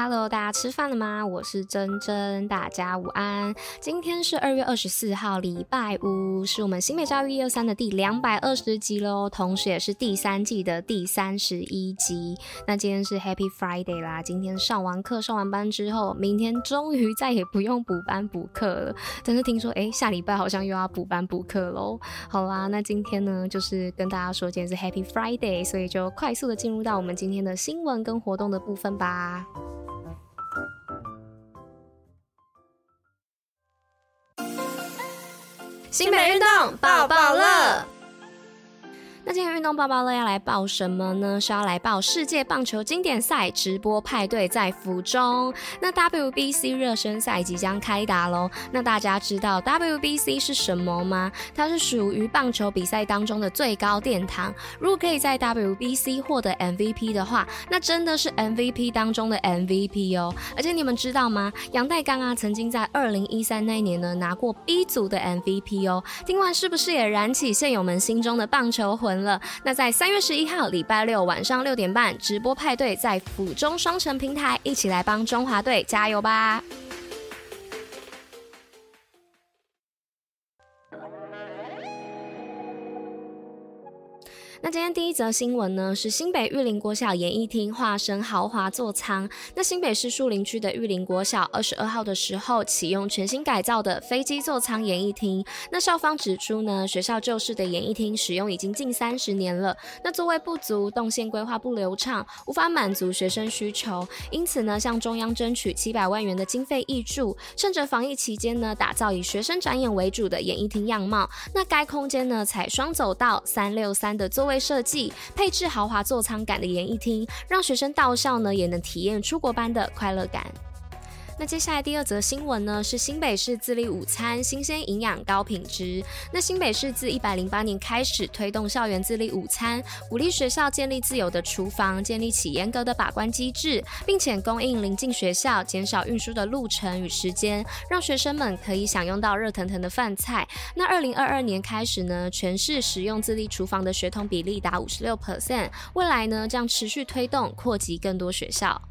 Hello，大家吃飯了嗎？我是珍珍，大家午安。今天是二月二十四號，禮拜五，是我們新北教育一二三的第兩百二十集嘍，同時也是第三季的第三十一集。那今天是 Happy Friday 啦，今天上完課、上完班之後，明天終於再也不用補班補課了。但是聽說，哎、欸，下禮拜好像又要補班補課嘍。好啦，那今天呢，就是跟大家說今天是 Happy Friday，所以就快速的進入到我們今天的新聞跟活動的部分吧。新北運動，報報樂！那今天運動報報樂要來報什麼呢？是要來報世界棒球經典賽直播派對在府中。那 WBC 熱身賽即將開打嘍。那大家知道 WBC 是什麼嗎？它是屬於棒球比賽當中的最高殿堂。如果可以在 WBC 獲得 MVP 的話，那真的是 MVP 當中的 MVP 哦。而且你們知道嗎？陽岱鋼啊，曾經在二零一三那一年呢拿過 B 組的 MVP 哦。聽完是不是也燃起現友們心中的棒球魂？那在三月十一號禮拜六晚上六點半直播派對，在府中雙城平台，一起來幫中華隊加油吧！那今天第一則新聞呢，是新北育林國小演藝廳化身豪華座艙。那新北市樹林區的育林國小二十二號的時候啟用全新改造的飛機座艙演藝廳。那校方指出呢，學校舊式的演藝廳使用已經近三十年了，那座位不足，動線規劃不流暢，無法滿足學生需求。因此呢，向中央爭取七百萬元的經費挹注，趁着防疫期間呢，打造以學生展演為主的演藝廳樣貌。那該空間呢，採雙走道三六三的座位設計配置，豪華座艙感的演藝廳，讓學生到校呢，也能體驗出國般的快樂感。那接下來第二則新聞呢，是新北市自立午餐，新鮮營養高品質。那新北市自一百零八年開始推動校園自立午餐，鼓勵學校建立自有的廚房，建立起嚴格的把關機制，並且供應鄰近學校，減少運輸的路程與時間，讓學生們可以享用到熱騰騰的飯菜。那二零二二年開始呢，全市使用自立廚房的學童比例達五十六 percent，未來呢，將持續推動擴及更多學校。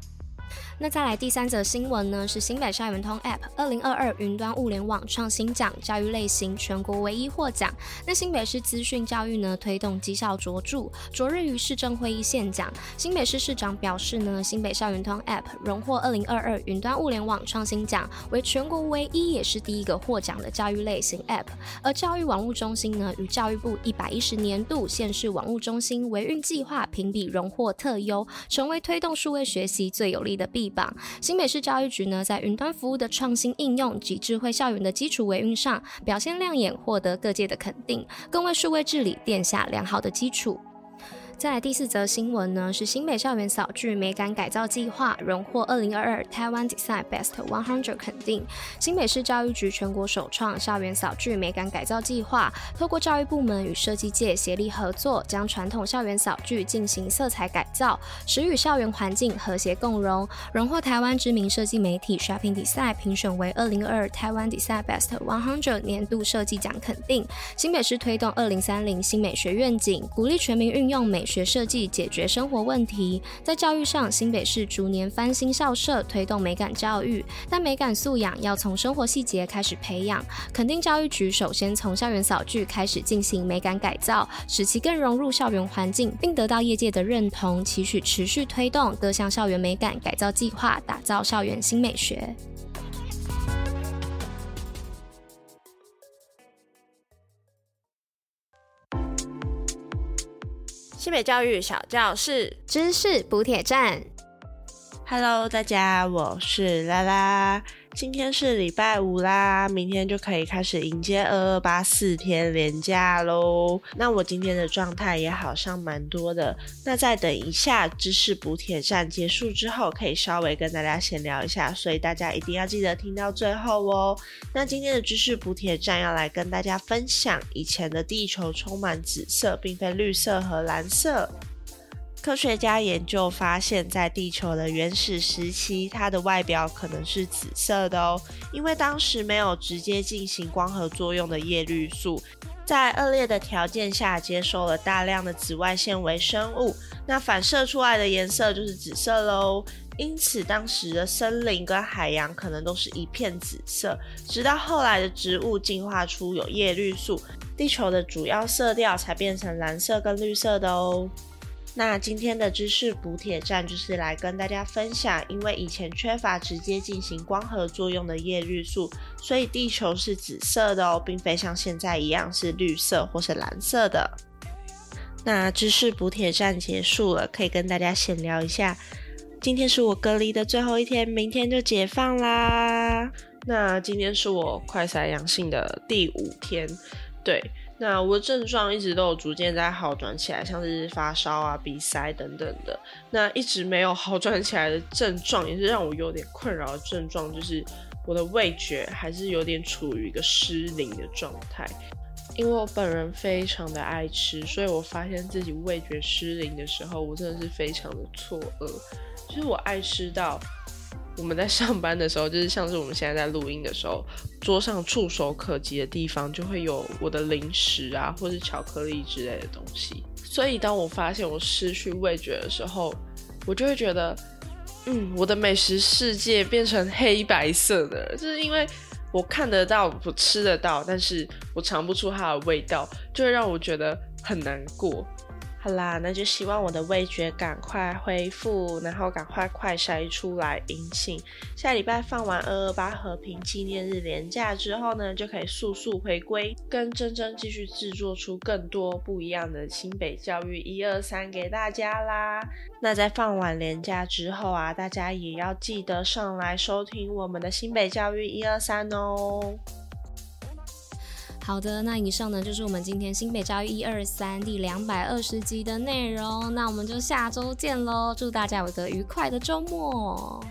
那再來第三則新聞呢，是新北校園通 App 二零二二雲端物聯網創新獎教育類型全國唯一獲獎。那新北市資訊教育呢，推動績效卓著。昨日於市政會議獻獎，新北市市長表示呢，新北校園通 App 榮獲二零二二雲端物聯網創新獎，為全國唯一也是第一個獲獎的教育類型 App，而教育網路中心呢，與教育部一百一十年度縣市網絡中心維運計劃評比榮獲特優，成為推動數位學習最有力的臂。新北市教育局呢，在雲端服務的創新應用及智慧校園的基礎維運上表現亮眼，獲得各界的肯定，更為數位治理奠下良好的基礎。再來第四則新聞呢，是新北校園掃具美感改造計劃榮獲二零二二台灣 Design Best One Hundred 肯定。新北市教育局全國首創校園掃具美感改造計劃，透過教育部門與設計界協力合作，將傳統校園掃具進行色彩改造，使與校園環境和諧共融，榮獲台灣知名設計媒體 Shopping Design 評選為二零二二台灣 Design Best One Hundred 年度設計獎肯定。新北市推動二零三零新美學願景，鼓勵全民運用美。學設計解決生活問題，在教育上，新北市逐年翻新校舍，推動美感教育。但美感素養要從生活細節開始培養，肯定教育局首先從校園掃具開始進行美感改造，使其更融入校園環境，並得到業界的認同，期許持續推動各項校園美感改造計劃，打造校園新美學。新北教育小教室知識補帖站，Hello，大家，我是拉拉。今天是禮拜五啦，明天就可以開始迎接二二八四天連假嘍。那我今天的狀態也好像蠻多的，那再等一下知識補帖站結束之後，可以稍微跟大家閒聊一下，所以大家一定要記得聽到最後哦。那今天的知識補帖站要來跟大家分享，以前的地球充滿紫色，並非綠色和藍色。科學家研究發現，在地球的原始時期，它的外表可能是紫色的哦，因為當時沒有直接進行光合作用的葉綠素，在惡劣的條件下接收了大量的紫外線微生物，那反射出來的顏色就是紫色嘍。因此，當時的森林跟海洋可能都是一片紫色。直到後來的植物進化出有葉綠素，地球的主要色調才變成藍色跟綠色的哦。那今天的知識補帖站就是來跟大家分享，因為以前缺乏直接進行光合作用的葉綠素，所以地球是紫色的哦，並非像現在一樣是綠色或是藍色的。那知識補帖站結束了，可以跟大家閒聊一下。今天是我隔離的最後一天，明天就解放啦。那今天是我快篩陽性的第五天，對。那我的症狀一直都有逐漸在好轉起來，像是發燒啊、鼻塞等等的。那一直沒有好轉起來的症狀，也是讓我有點困擾的症狀，就是我的味覺還是有點處於一個失靈的狀態。因為我本人非常的愛吃，所以我發現自己味覺失靈的時候，我真的是非常的錯愕。其實我愛吃到。我們在上班的時候，就是像是我們現在在錄音的時候，桌上觸手可及的地方就會有我的零食啊，或是巧克力之類的東西。所以，當我發現我失去味覺的時候，我就會覺得，嗯，我的美食世界變成黑白色的，就是因為我看得到、我吃得到，但是我嘗不出它的味道，就會讓我覺得很難過。好啦，那就希望我的味覺趕快恢復，然後趕快快篩出來陰性。下禮拜放完二二八和平紀念日連假之後呢，就可以速速回歸，跟珍珍繼續製作出更多不一樣的新北教育一二三給大家啦。那在放完連假之後啊，大家也要記得上來收聽我們的新北教育一二三哦。好的，那以上呢，就是我們今天新北教育一二三第兩百二十集的內容，那我們就下周見嘍，祝大家有個愉快的周末。